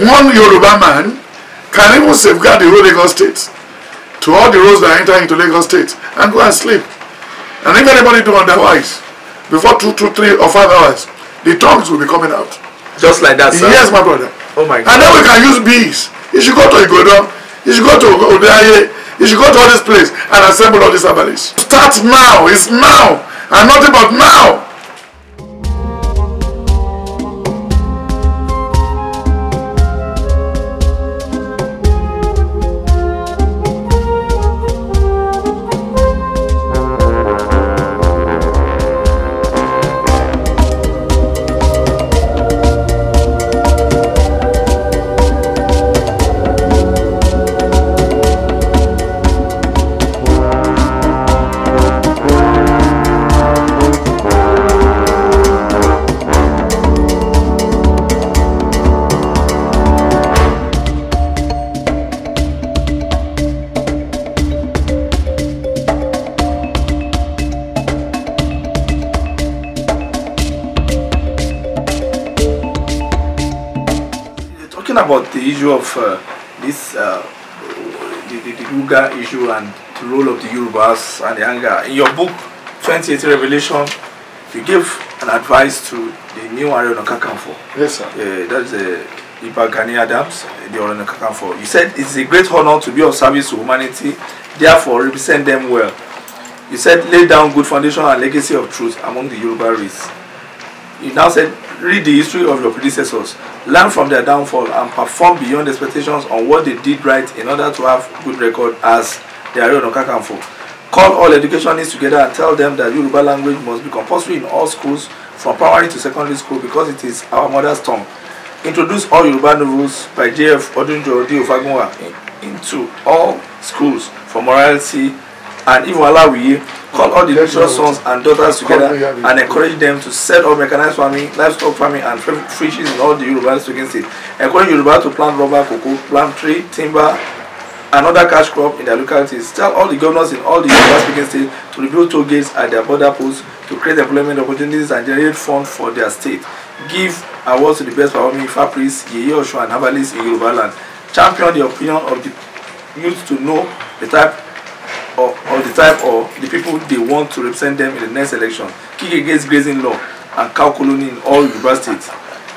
one Yoruba man can even safeguard the whole Lagos state to all the roads that enter into Lagos state and go and sleep. And if anybody do otherwise, before two, two, three or five hours, the tongues will be coming out. Just like that, sir? Yes, my brother. Oh my God. And then we can use bees. You should go to Igodo. You should go to Odaye. You should go to all these places and assemble all these abalis. Start now. It's now. And nothing but now. talking about the issue of uh, this uh, the, the, the Uga issue and the role of the Yorubas and the anger, in your book 2080 Revelation, you give an advice to the new Ariel Nakakanfo. Yes, sir. Uh, that's the uh, Iba Gani Adams, the Ariel Nakakanfo. You said it's a great honor to be of service to humanity, therefore represent them well. You said lay down good foundation and legacy of truth among the Yoruba race. You now said Read the history of your predecessors, learn from their downfall, and perform beyond expectations on what they did right in order to have good record as the Ààrẹ Ọ̀nà Kakanfò. Call all educationists together and tell them that Yoruba language must be compulsory in all schools from primary to secondary school because it is our mother's tongue. Introduce all Yoruba novels by J.F. Odunjo Ofagunwa into all schools for morality and even Alawiye call all the lecturer's sons and daughters together and encourage them to set up mechanized farming, livestock farming and fisheries in all the Yoruba speaking states. Encourage Yoruba to plant rubber, cocoa, palm tree, timber and other cash crop in their localities. Tell all the governors in all the Yoruba speaking states to rebuild toll gates at their border posts to create employment opportunities and generate funds for their state. Give awards to the best performing Ifa priests, Yeye Osun and herbalists in Yoruba land. Champion the opinion of the youth to know the type or, or the type or the people they want to represent them in the next election. Kick against grazing law and cow colony in all Yoruba states.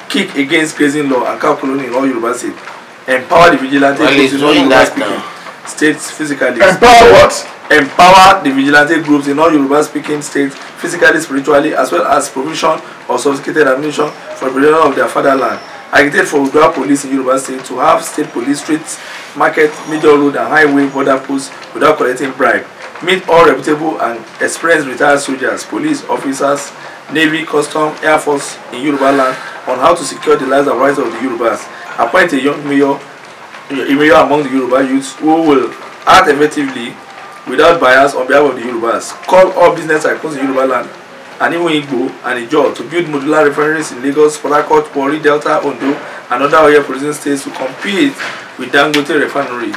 Kick against grazing law and cow colony in all Yoruba states. Empower the vigilante well, groups in all Yoruba speaking now. states physically. Empower what? Empower the vigilante groups in all Yoruba speaking states physically, spiritually, as well as provision or sophisticated ammunition for the protection of their fatherland. I Agitate for Yoruba police in Yoruba state to have state police streets market major road and highway border posts without collecting bribe meet all reputable and experienced retired soldiers police officers navy custom air force in yoruba land on how to secure the lives and rights of the yorubas appoint a young mayor a mayor among the yoruba youths who will act effectively without bias on behalf of the yorubas call all business icons in yoruba land and even igbo and ijaw to build modular refineries in lagos port harcourt warri delta ondo and other oil producing states to compete with Dangote refinery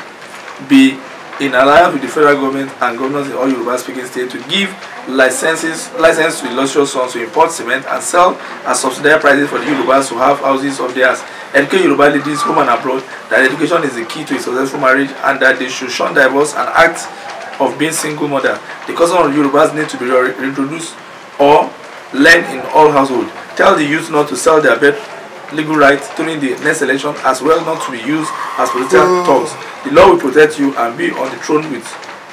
be in alliance with the federal government and governors in all Yoruba speaking states to give licenses license to illustrious sons to import cement and sell at subsidized prices for the Yorubas to have houses of theirs. Educate Yoruba ladies home and abroad that education is the key to a successful marriage and that they should shun divorce and act of being single mother. The custom of Yorubas need to be reintroduced or learned in all households. Tell the youth not to sell their bed legal rights during the next election as well not to be used as political mm. The law will protect you and be on the throne with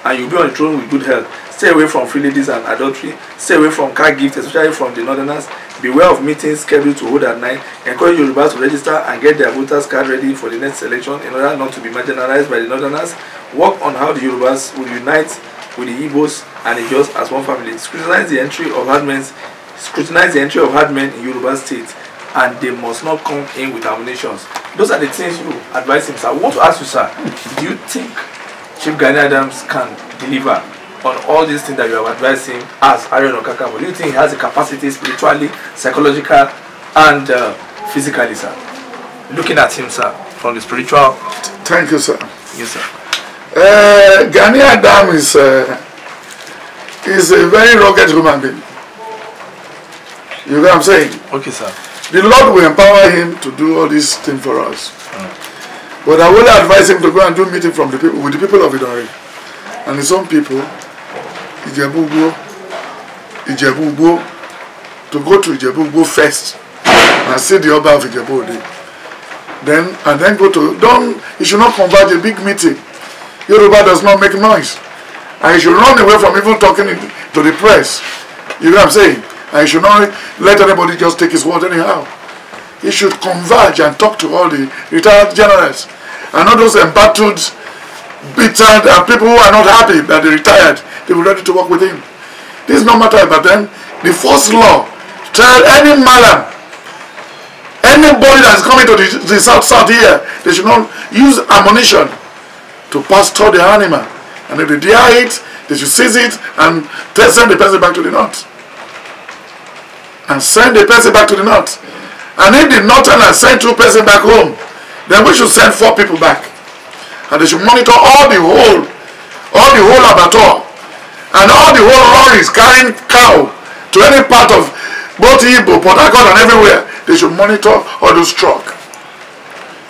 and you'll be on the throne with good health. Stay away from free ladies and adultery. Stay away from car gifts, especially from the northerners. Beware of meetings scheduled to hold at night. Encourage Yorubas to register and get their voters card ready for the next election in order not to be marginalized by the northerners. Work on how the Yorubas will unite with the Igbos and the Jaws as one family. Scrutinize the entry of hard men. Scrutinize the entry of hard men in Yoruba state. and they must not come in with ammunitions. Those are the things you advise him, sir. I want to ask you, sir, do you think Chief Gani Adams can deliver on all these things that you have advised him as Ariel Okakabo? Do you think he has the capacity spiritually, psychological, and uh, physically, sir? Looking at him, sir, from the spiritual. Thank you, sir. Yes, sir. Uh, Gani Adam is, uh, is a very rugged human being. You know what I'm saying? Okay, sir. The Lord will empower him to do all these things for us. But I would advise him to go and do meeting from the people with the people of Idori and some people, Ijebu Ugbo, to go to Ijebu first and see the other of Ijebu Then and then go to don't you should not convert a big meeting. Yoruba does not make noise. And you should run away from even talking to the press. You know what I'm saying? And you should not let anybody just take his word anyhow. He should converge and talk to all the retired generals and all those embattled, bitter uh, people who are not happy that they retired. They were ready to work with him. This is not matter about them. The first law, tell any malam, anybody that's coming to the, the south south here, they should not use ammunition to pasture the animal. And if they dare it, they should seize it and send the person back to the north. and send the person back to the north. And if the northern has sent two person back home, then we should send four people back. And they should monitor all the whole, all the whole abattoir, and all the whole lorries carrying cow to any part of both Igbo, Port Harcourt, and everywhere. They should monitor all those truck.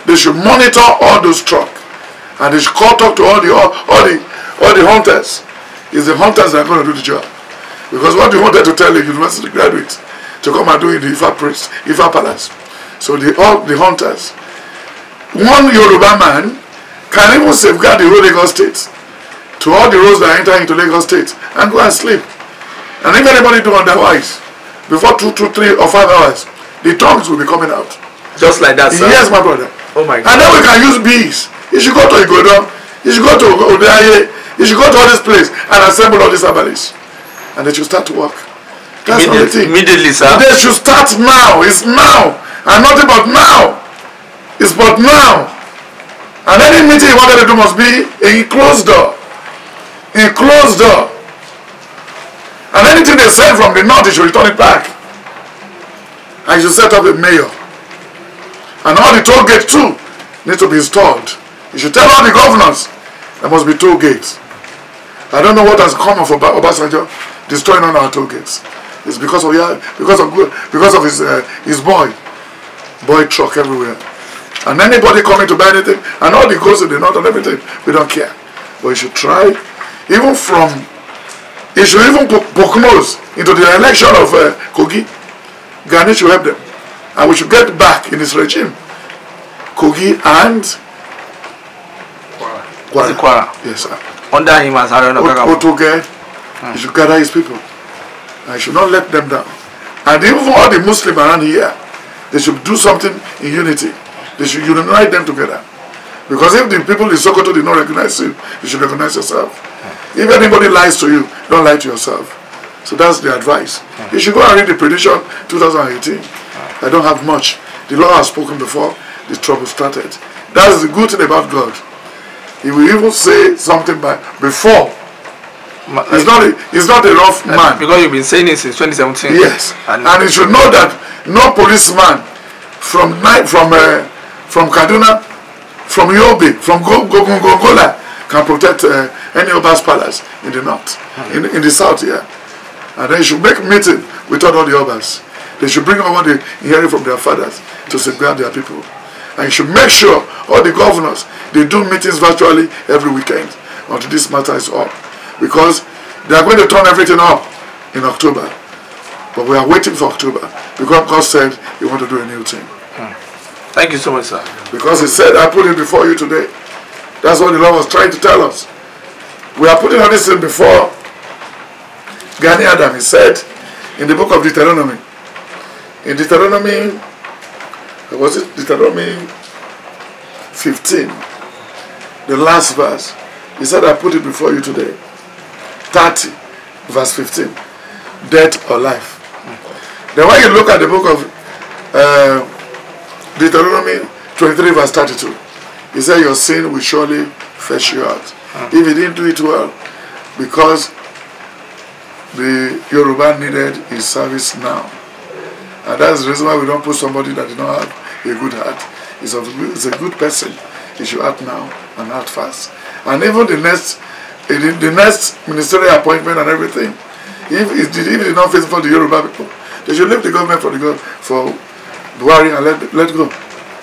They should monitor all those truck, and they should call talk to all the all, all the all the hunters. It's the hunters that are going to do the job, because what you wanted to tell a university graduates to come and do in the Ifa Prince, Ifa Palace. So the all the hunters, one Yoruba man can even safeguard the whole Lagos state to all the roads that enter into Lagos state and go and sleep. And if anybody do otherwise, before two, two, three or five hours, the tongues will be coming out. Just like that, sir? Yes, my brother. Oh my God. And then we can use bees. You should go to Igodon, you should go to Odaye, you should go to all these places and assemble all these abalis. And they should start to work. That's immediately, immediately, sir. They should start now. It's now. And not about now. It's but now. And any meeting you want to do must be in closed door. In closed door. And anything they send from the north, you should return it back. And you should set up a mayor. And all the toll gates too need to be installed. You should tell all the governors there must be toll gates. I don't know what has come of Obasanjo destroying all our toll gates. It's because of yeah, because of because of his uh, his boy, boy truck everywhere, and anybody coming to buy anything, and all the girls to the not and everything, we don't care. But you should try, even from, you should even put nose into the election of uh, Kogi. Ghana should help them, and we should get back in his regime. Kogi and Kwara. Kwara. Yes, sir. Under him as Haruna Otoge, he should gather his people. I should not let them down. And even all the Muslims around here, they should do something in unity. They should unite them together. Because if the people in Sokoto did not recognize you, you should recognize yourself. If anybody lies to you, don't lie to yourself. So that's the advice. You should go and read the prediction 2018. I don't have much. The Lord has spoken before the trouble started. That is the good thing about God. He will even say something by, before He's not a, he's not a rough uh, man. Because you've been saying it since 2017. Yes. And, and you should know that no policeman from from uh, from Kaduna, from Yobe, from Gogongola Go can protect uh, any of us palace in the north, hmm. in, in the south here. Yeah. And they should make meeting with all the others. They should bring over the hearing from their fathers to safeguard their people. And you should make sure all the governors, they do meetings virtually every weekend until this matter is up. because they are going to turn everything up in October. But we are waiting for October because God said He want to do a new thing. Thank you so much, sir. Because He said, I put it before you today. That's what the Lord was trying to tell us. We are putting everything before Gani Adam. He said in the book of Deuteronomy. In Deuteronomy, was it Deuteronomy 15? The last verse. He said, I put it before you today. 30, verse 15. Death or life. Then when you look at the book of uh, Deuteronomy 23, verse 32, he said, Your sin will surely fetch you out. Hmm. If you didn't do it well, because the Yoruba needed his service now. And that's the reason why we don't put somebody that did not have a good heart. He's a, he's a good person. He should act now and act fast. And even the next in eh, the next ministerial appointment and everything. If it did, if not face for the Yoruba people, they should leave the government for the go for Buhari and let let go,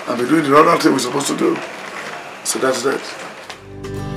and be doing the other thing we're supposed to do. So that's that.